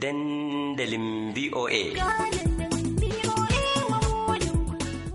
dandalin VOA.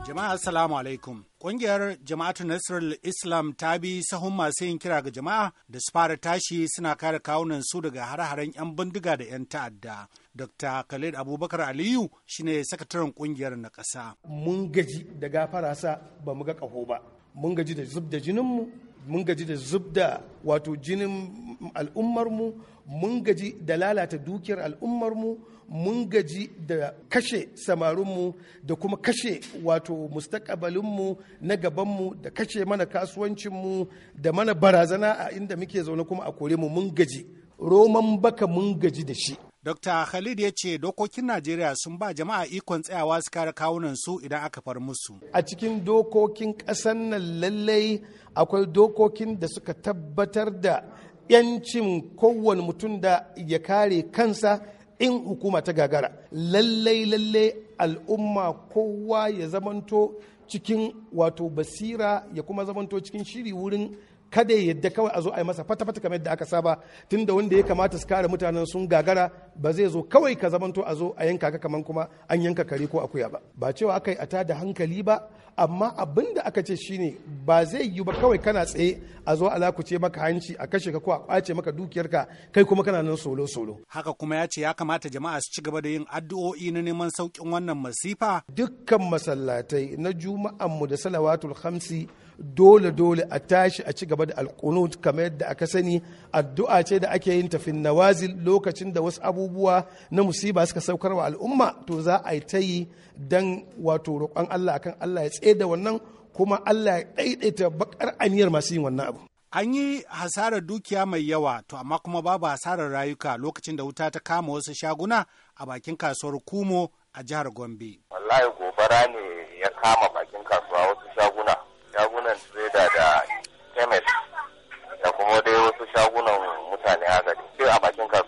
Jama'a Assalamu alaikum. Ƙungiyar Jama'atu Nasrul Islam ta bi sahun masu yin kira ga jama'a da su fara tashi suna kare kawunan su daga har haren 'yan bindiga da 'yan ta'adda. Dr. Khalid Abubakar Aliyu shine sakataren ƙungiyar na ƙasa. Mun gaji da sa ba mu ga ƙaho ba. Mun gaji da zub da jininmu, mun gaji da zub da wato jinin al'ummarmu mun gaji da lalata dukiyar al'ummarmu mun gaji da kashe samarinmu da kuma kashe wato mustakabalinmu na gabanmu da kashe mana kasuwancinmu da mana barazana a inda muke zaune kuma a kore mu mun gaji roman baka mun gaji da shi Dr. Khalid ya ce dokokin Najeriya sun ba jama'a ikon tsayawa su kare kawunan su idan aka far musu. A cikin dokokin ƙasar nan lallai akwai dokokin da suka tabbatar da yancin kowane mutum da ya kare kansa in hukuma ta gagara lallai lallai al'umma kowa ya zamanto cikin wato basira ya kuma zamanto cikin shiri wurin kada ya yadda kawai a zo a yi masa fata-fata kamar yadda aka saba da wanda ya kamata su kare mutanen sun gagara ba zai zo kawai ka zamanto a zo a yanka ka kamar kuma an yanka kare ko akuya ba ba cewa aka yi a tada hankali ba amma abin da aka ce shine ba zai yi ba kawai kana tsaye a zo a lakuce maka hanci a kashe ka ko a kwace maka dukiyarka kai kuma kana nan solo solo haka kuma ya ce ya kamata jama'a su ci gaba da yin addu'o'i na neman saukin wannan masifa dukkan masallatai na juma'an mu da salawatul khamsi dole dole a tashi a ci gaba da alkunut kamar yadda aka sani addu'a ce da ake yin tafin nawazil lokacin da wasu abubuwa na musiba suka saukar wa al'umma to za a yi ta yi dan wato roƙon Allah akan Allah ya tsaye da wannan kuma Allah ya ɗaiɗaita bakar aniyar masu yin wannan abu an yi hasarar dukiya mai yawa to amma kuma babu hasarar rayuka lokacin da wuta ta kama wasu shaguna a bakin kasuwar kumo a jihar gombe wallahi gobara ne ya kama bakin kasuwa wasu shaguna irin trader da chemist da kuma dai wasu shagunan mutane haka sai a bakin ka